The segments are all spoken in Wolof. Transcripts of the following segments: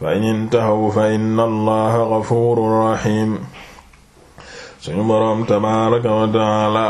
fa in intahaw fa inna allaha ghafurur rahim suñu boroom tabaaraka wa taala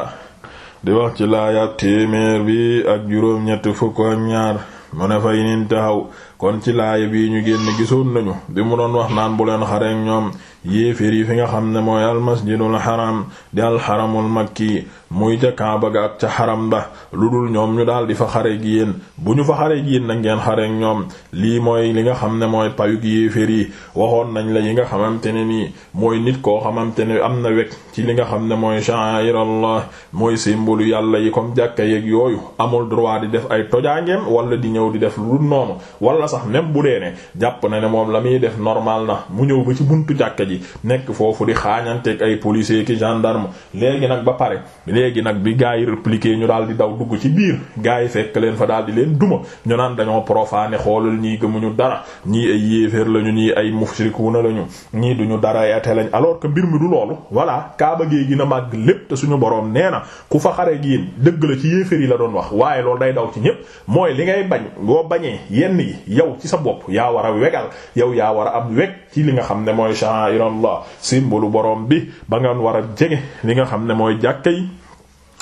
di wax ci laayaab téeméer bi ak juróom ñett fukk ak ñaar mu ne fa in intahaw kon ci laaya bi ñu génn gisoon nañu di mu doon wax naan bu leen xareek ñoom yéeféer yi fi nga xam ne mooy almasjidul haram di alxaramul makki muy ca kaaba ga ak ca xaram ba lu dul ñoom ñu daal di fa xare gi yéen bu ñu fa xare gi yéen nag ngeen xare ñoom lii mooy li nga xam ne mooy payug yéeféer yi waxoon nañ la yi nga xamante ne nii mooy nit koo xamante ne am na wekk ci li nga xam ne mooy sha'irallah mooy simbolu yàlla yi comme jàkka yeeg yooyu amul droit di def ay tojaangeem wala di ñëw di def lu dul noonu wala sax même bu dee ne jàpp na ne moom la muy def normal na mu ñëw ba ci buntu jàkka ji yi nekk foofu di xaañanteeg ay policier ki gendarme léegi nag ba pare léegi nag bi gars yi répliqué ñu daal di daw dugg ci biir gars yi fekk leen fa daal di leen duma ñu naan dañoo profané xoolal ñii gëmuñu dara ñii ay yéeféer lañu ñii ay mushrikuuna lañu ñii duñu dara ay ate lañ alors que mbir mi du loolu voilà kaaba gee gi na màgg lépp te suñu boroom nee na ku fa xare gi dëgg la ci yéeféer yi la doon wax waaye loolu day daw ci ñépp mooy li ngay bañ boo bañee yenn yi yow ci sa bopp yaa a a ilallah simbolu borom bi ba nga war a jege li nga xam ne mooy jàkka yi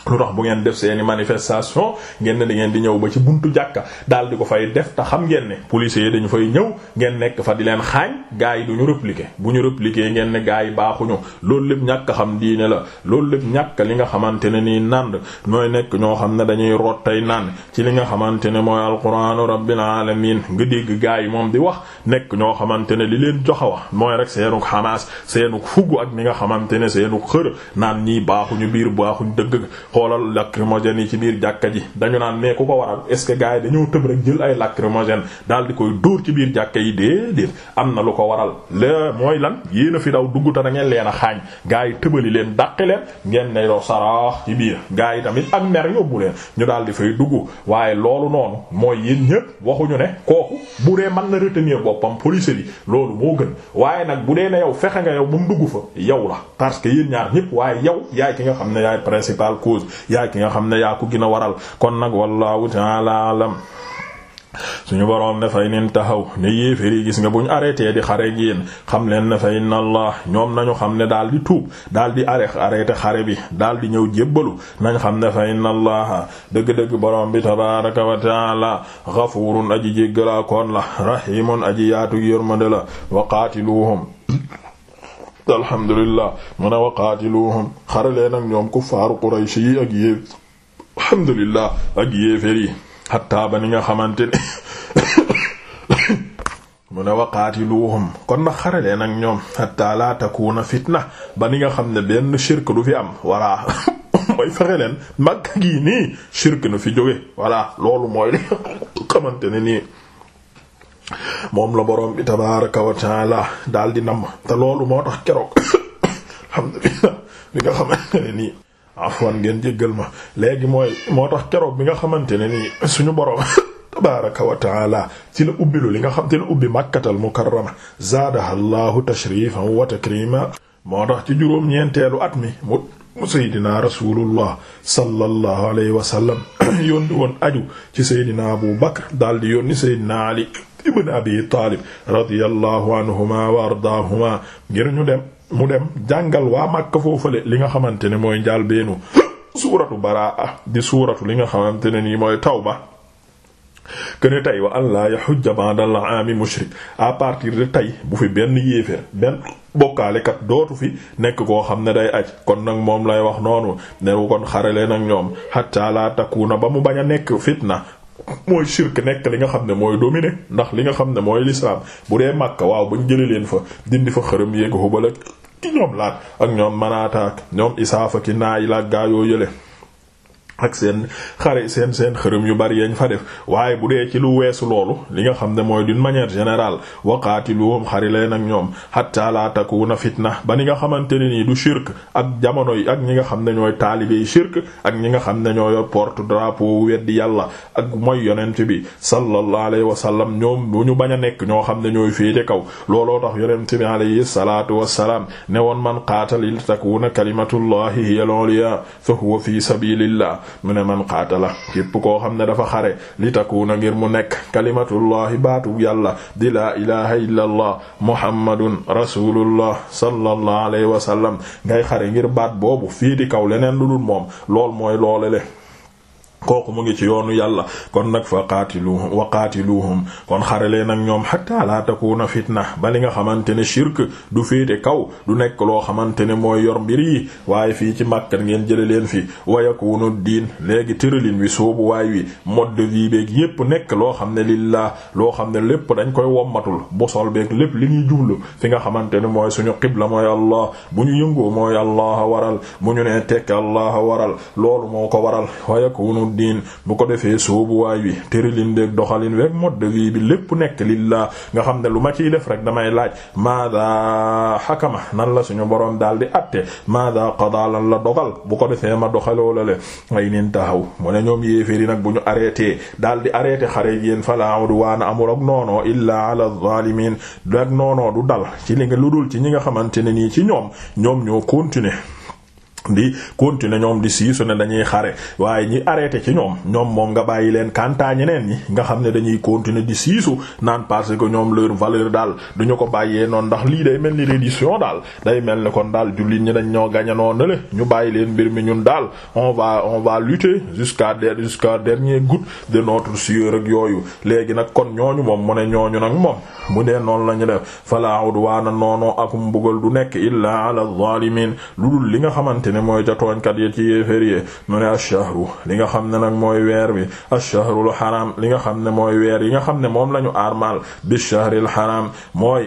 lu tax bu ngeen def seeni manifestation ngeen ne ngeen di ñëw ba ci buntu jàkka daal di ko fay def te xam ngeen ne policiers yi dañu fay ñëw ngeen nekk fa di leen xaañ gars yi du ñu répliquer bu ñu répliquer ngeen ne gars yi baaxuñu loolu lépp ñàkk xam diine la loolu lépp ñàkk li nga xamante ne nii nand ñooy nekk ñoo xam ne dañuy root tey naan ci li nga xamante ne mooy alquranu rabbil alamin nga dégg gars yi moom di wax nekk ñoo xamante ne li leen jox a wax mooy rek seenuk xamaas seenuk fugg ak ni nga xamante ne seenuk xër naan ñii baaxuñu biir baaxuñ dëgg xoolal lacrymogène yi ci biir jàkka ji dañu naan mais ku ko waral est-ce yi dañoo tëb rek jël ay lacrymogène daal di koy dóor ci biir jàkka yi déedéet am na lu ko waral la mooy lan yéen a fi daw dugg te da ngeen leen a xaañ gars yi tëbali leen dàqi leen ngeen ne doo saraax ci biir gars yi tamit ak mer yóbbu leen ñu daal di fay dugg waaye loolu noonu mooy yéen ñëpp waxuñu ne kooku bu dee man na retenir boppam police bi loolu moo gën waaye nag bu dee ne yow fexe nga bu mu dugg fa yow la parce que yéen ñaar ñëpp waaye yow yaay ki nga xam ne yaay principal cause fawz ki nga xam ne yaa ko gën a waral kon nag wallahu ta'ala alam suñu boroom ne nin taxaw ne yéeféer yi gis nga bu ñu arrêté di xare ak xam leen ne fa inna allah ñoom nañu xam ne daal di tuub daal di arrêté xare bi daldi ñëw jébbalu nañ xam ne fa inna allah dëgg-dëgg boroom bi tabaraka wa taala aji jéggalaakoon la rahimun aji yaatu yërmande la wa qaatiluhum alhamdulillah mu ne wa qaatiluhum xaralee nag ñoom kuffaaru Quraysh yi ak yéef alhamdulillah ak nga xamante ne mu ne wa qaatiluhum kon nag xaralee nag ñoom xatta laa takuuna fitna ba ni nga xam ne benn shirk du fi am walla mooy fexe leen mag gii nii shirk na fi jóge walla loolu mooy xamante ne nii moom la borom bi tabaaraka wa taala daal di namm te loolu moo tax keroog alhamdulillah bi nga xamante ne nii afwan ngeen jéggal ma léegi mooy moo tax keroog bi nga xamante ne nii suñu borom. tabaraka wa taala ci la ubbilu li nga xam te la ubbi màkkatal mukarrama zaadaha llahu tashrifan wa takrima moo ci juróom-ñeenteelu at mi mu saydina rasulullah sallallahu alayhi wa sallam yónni aju ci saydina abu bakr daal di yónni saydina ali ibn abi taalib radiyallahu anhuma wa ardaahuma ngir ñu dem mu dem jàngal waa Makka foofale li nga xamante ne mooy njaal beenu suuratu baraa di suuratu li nga xamante ne nii mooy taw tawba kene tey wa an laa yahujja ba'da al-aami mushrik à partir de tey bu fi benn yéeféer benn bokkaalekat dootu fi nekk koo xam ne day aj kon nag moom lay wax noonu ne kon xarale nag ñoom hatta laa na ba mu bañ a nekk fitna mooy shirk nekk li nga xam ne mooy dominer ndax li nga xam ne mooy l'islam bu dee màkk waaw bañ jëlee leen fa dindi fa xërëm yeeg Hubal ki ñoom laat ak ñoom Manaata ak ñoom Isaafa ki naay laaj gaa yoo yële. ak seen xare seen seen xërëm yu bari yañ fa def waaye bu dee ci lu weesu loolu li nga xam ne mooy d'une manière générale waqaatiluhum xari leen ak ñoom hatta la takuna fitna ba ni nga xamante ne nii du shirk ak jamono yi ak ñi nga xam ne ñooy taalibe yi shirk ak ñi nga xam ne ñooy porte drapeau weddi yàlla ak mooy yonent bi sallallahu alayhi wa sallam ñoom bu ñu bañ a nekk ñoo xam ne ñooy féete kaw looloo tax yonent bi alayhi salaatu wassalaam ne woon man qaatal il takuna kalimatullahi hiya al-ulya fa huwa fi sabilillah mu ne man qaatala képp koo xam ne dafa xare li takuuna ngir mu nekk kalimatullahi baatu yàlla di laa ilaha illa allah muhammadun rasulullah sallallahu alayhi wa sallam ngay xare ngir baat boobu fii di kaw leneen lu dul moom lool mooy loole le kooku mu ngi ci yoonu yàlla kon nag fa qaatiluhum wa qaatiluhum kon xarelee nag ñoom hatta la takuna fitna ba li nga xamante ne shirk du féete kaw du nekk loo xamante ne mooy yor mbir yi waaye fii ci màkkat ngeen jële leen fi wa yakunu diin léegi tëralin wi soobu waay wi mode de vie beeg yépp nekk loo xam ne lillah loo xam ne lépp dañ koy wommatul bosol beeg lépp li ñuy jublu fi nga xamante ne mooy suñu qibla mooy allah bu ñu yëngoo mooy allah waral bu ñu tekk allah waral loolu diin bu ko defee soobuwaay wi tëralin déeg doxalin weeg mode de bi lépp nekk lillaa nga xam ne lu ma ciy def rek damay laaj maada xakama nan la suñu boroom daal di atte maada qada lan la dogal bu ko defee ma doxaloo la le ay nin taxaw mu ne ñoom yéeféri nag bu ñu arrêté dal di arrêté xare yéen fala udwaana amul ak noonoo illaa ala zalimin ak noonoo du dal ci li nga lu dul ci ñi nga xamante ne nii ci ñoom ñoom ñoo continuer di continuer ñoom di siisu ne dañuy xare waaye ñi arrêté ci ñoom ñoom moom nga bàyyi leen kantaa ñeneen ñi nga xam ne dañuy continuer di siisu naan parce que ñoom leur valeur daal du ko bàyyee noonu ndax lii day mel ni reddition daal day mel ni kon daal jullit ñi dañ ñoo gañanoo na le ñu bàyyi leen mbir mi ñun daal on va on va lutter jusqu'à jusqu'à dernier goutte de notre sueur ak yooyu léegi nag kon ñooñu moom mu ne ñooñu nag moom mu dee noonu la ñu def fala udwana nekk illa ala zalimin ne mooy ca tooñkat ya ci yéefér yi mu ne ashahru li nga xam ne nag mooy weer bi ashahrul xaram li nga xam ne mooy weer yi nga xam ne moom lañu armal bi shahril xaram mooy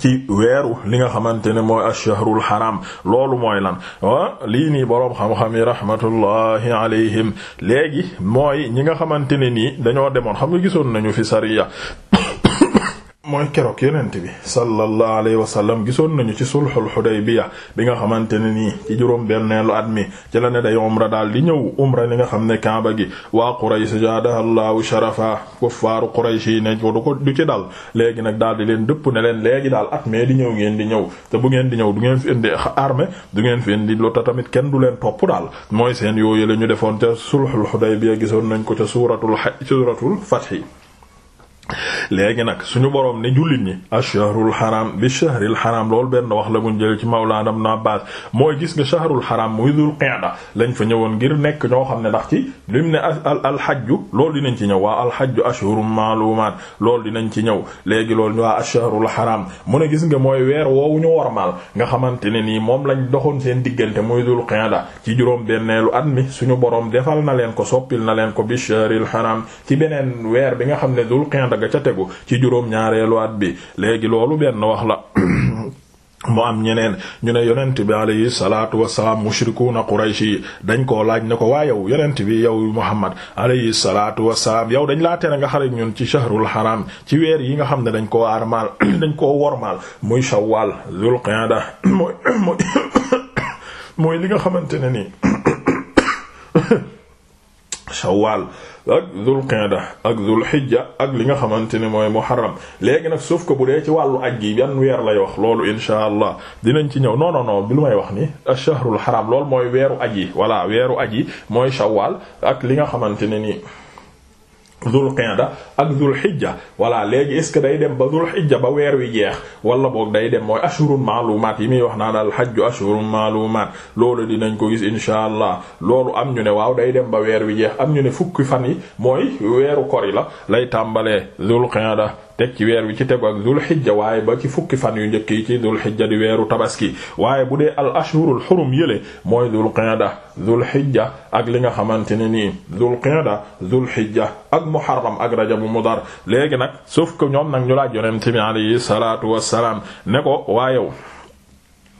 ci weeru li nga xamante ne mooy ash-shahrul haram loolu mooy lan ah, lii nii boroom xam-xam yi rahmatullahi alayhim léegi mooy ñi nga xamante ne nii dañoo demoon xam nga gisoon nañu fi sariya mooy keroog yenent bi sallallahu alayhi wa sallam gisoon nañu ci sulhul Hudaybiya bi nga xamante ne nii ci juróom benneelu at mi ci la ne day umra daal di ñëw umra li nga xam ne Kaaba gi waa Quraysh zaadahallahu sharafa kuffaaru Quraysh yi ne ko du ko du ci dal léegi nag daal di leen dëpp ne leen léegi daal at mee di ñëw ngeen di ñëw te bu ngeen di ñëw du ngeen fi indi armée du ngeen fi indi lota tamit kenn du leen topp daal mooy seen yooyu la ñu defoon ca sulhul Hudaybiya gisoon nañ ko ca suuratul suratul Fath léegi nag suñu boroom ne jullit ñi ash-shahrul xaraam bi shahril haram loolu benn wax la buñ jël ci mawlaana Ibn Abbaas mooy gis nga shahrul haram muy dul qa'da lañ fa ñëwoon ngir nekk ñoo xam ne ndax ci lim ne al alhajju loolu dinañ ci ñëw waa alhajju ashhurun ma'lumaat lool dinañ ci ñëw léegi loolu ñu waa ash-shahrul haram mu ne gis nga mooy weer woowu ñu warmaal nga xamante ne nii moom lañ doxoon seen diggante muy dul qa'da ci juróom benneelu at mi suñu boroom defal na leen ko soppil na leen ko bi shahril haram ci beneen weer bi nga xam ne dul qa'da ga ca tegu ci juróom ñaareelu at bi léegi loolu benn wax la mu am ñeneen ñu ne yonent bi alayhi salaatu wasalaam mushrikuuna quraysh yi dañ koo laaj ne ko waa yow yonent bi yow muhammad alayhi salaatu wa wasalaam yow dañ laa tere nga xare ñun ci shahrul haram ci weer yi nga xam ne dañ koo armaal dañ koo wormaal muy shawwal zul qiyada mooy mooy li nga xamante ne nii shawwal ak zul qinda ak lu zul xijja ak li nga xamante ne mooy xaram léegi nag suuf ko bu dee ci wàllu aj gi yan weer lay wax loolu insha allah dinañ ci ñëw non non non bi lu may wax ni ash-shahrul haram loolu mooy weeru aj yi voilà weeru aj yi mooy shawwal ak li nga xamante ne nii Dhul Qa'da ak Dhul Hijja voilà léegi est-ce que day dem ba Dhul Hijja ba weer wi jeex wala boog day dem mooy ashurun maalumaat yi muy wax naan al hajju ashurun maalumaat loolu dinañ ko gis insha allah loolu am ñu ne waaw day dem ba weer wi jeex am ñu ne fukki fan mooy weeru kor yi la lay tàmbalee Dhul Qa'da teg ci weer wi ci tegu ak du xijja waaye ba ci fukki fan yu njëkk yi ci dul xijja di weeru tabaski waaye bu dee al ashhurul xurum yële mooy dul qiyada dul xijja ak li nga xamante ne nii dul qiyada dul xijja ak muharram ak rajabu dar léegi nag sauf que ñoom nag ñu laaj yonent bi alayhi salaatu wassalaam ne ko waayow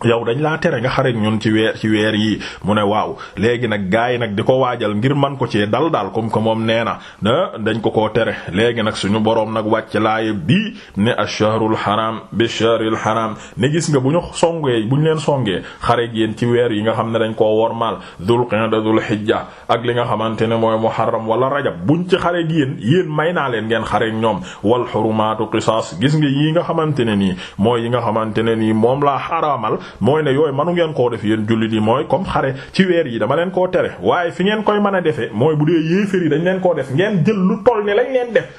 yow dañ laa tere nga xarit ñun ci weer ci weer yi mu ne waaw léegi nag gars yi nag di ko waajal ngir man ko cee dal daal kom que moom nee na dañ ko koo tere léegi nag suñu boroom nag wàcc laayeb bii ne ash-shahrul haram bi shahril haram ne gis nga bu ñu songee bu ñu leen songee xare yéen ci weer yi nga xam ne dañ ko wormaal dhul qa'da dhul hijja ak li nga xamante ne mooy muharram wala rajab buñ ci xare yéen yéen may naa leen ngeen xare ñoom wal hurumatu qisas gis nga yi nga xamante ne nii mooy yi nga xamante ne nii moom laa xaraamal mooy ne yooyu manu ngeen koo def yéen jullit yi mooy comme xare ci weer yi dama leen koo tere waaye fi ngeen koy mën a defee mooy bu dee yéefér yi dañ leen koo def ngeen jël lu toll ni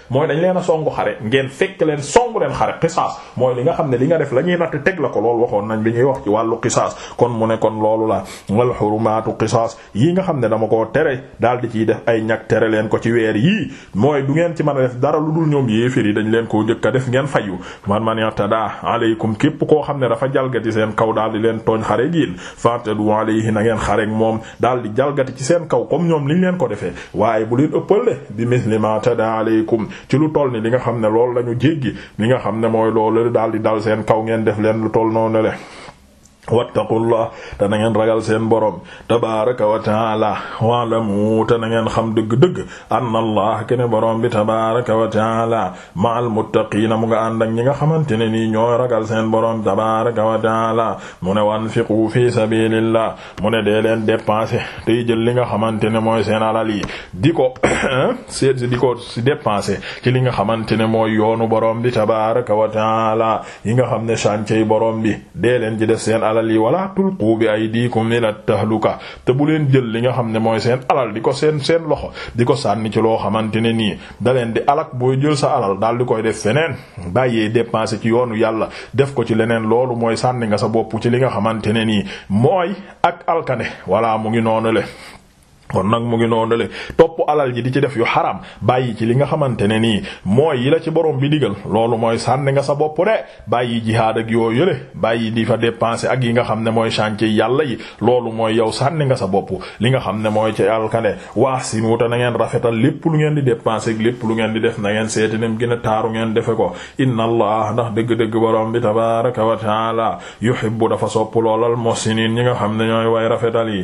mooy dañ leen a xare ngeen fekk leen songu leen xare qisaas mooy li nga xam ne li nga def la ñuy natt teg ko loolu waxoon nañ ñuy wax ci wàllu qisaas kon mu ne kon loolu la wal xurumaatu qisaas nga xam ne dama koo tere daal di ciy def ay ñag tere leen ko ci weer yii mooy du ngeen ci mën a def dara lu dul ñoom yéefér yi dañ leen koo jëkk def ngeen fayu man man yatada alaykum képp koo xam ne dafa jalgati seen kaw daal di leen tooñ xare giin fa'tadu alayhi na ngeen xarek moom daal di jalgati ci seen kaw comme ñoom liñ leen ko defee waaye bu leen ëppal de bi misli ma tada alaykum ci lu toll ni li nga xam ne loolu la ñu jéggi li nga xam ne mooy loolu daal di dal seen kaw ngeen def leen lu toll noonu le wattaqullah te na ngeen ragal seen borom tabaraka wa taala waalamu te na ngeen xam dëgg-dëgg anna allah kene borom bi tabaraka wa taala ma'al muttaqiina mu nga ànd ak ñi nga xamante ne nii ñoo ragal seen borom tabaraka wa taala mu ne wanfiqu fi sabilillah mu ne dee leen dépenser tey jël li nga xamante ne mooy seen alal yi di ko seet si di ko si dépenser ci li nga xamante ne mooy yoonu borom bi tabaraka wa taala yi nga xam ne chantier borom bi dee leen seen alal lii alal yi wala tulqu bi aydikum ila tahluka te bu leen jël li nga xam ne mooy seen alal di ko seen seen loxo di ko sànni ci loo xamante ne nii da leen di alak booy jël sa alal daal di koy def feneen bàyyee dépenser ci yoonu yàlla def ko ci leneen loolu mooy sànni nga sa bopp ci li nga xamante ne nii mooy ak alkane wala mu ngi noonu le kon nag mu ngi noonu le topp alal ji di ci def yu xaram bàyyi ci li nga xamante ne nii mooy yi la ci borom bi digal loolu mooy sànni nga sa bopp de bàyyi jihaad ak yoo yële bàyyi di fa dépenser ak yi nga xam ne mooy chantier yàlla yi loolu mooy yow sànni nga sa bopp li nga xam ne mooy ci alkane waax si muta na ngeen rafetal lépp lu ngeen di dépenser ak lépp lu ngeen di def na ngeen seeti nem gën a taaru ngeen defe ko inna allah ndax dëgg-dëgg borom bi tabaraka wa taala yuhibbu dafa sopp loolal mosinin ñi nga xam ne ñooy way rafetal yi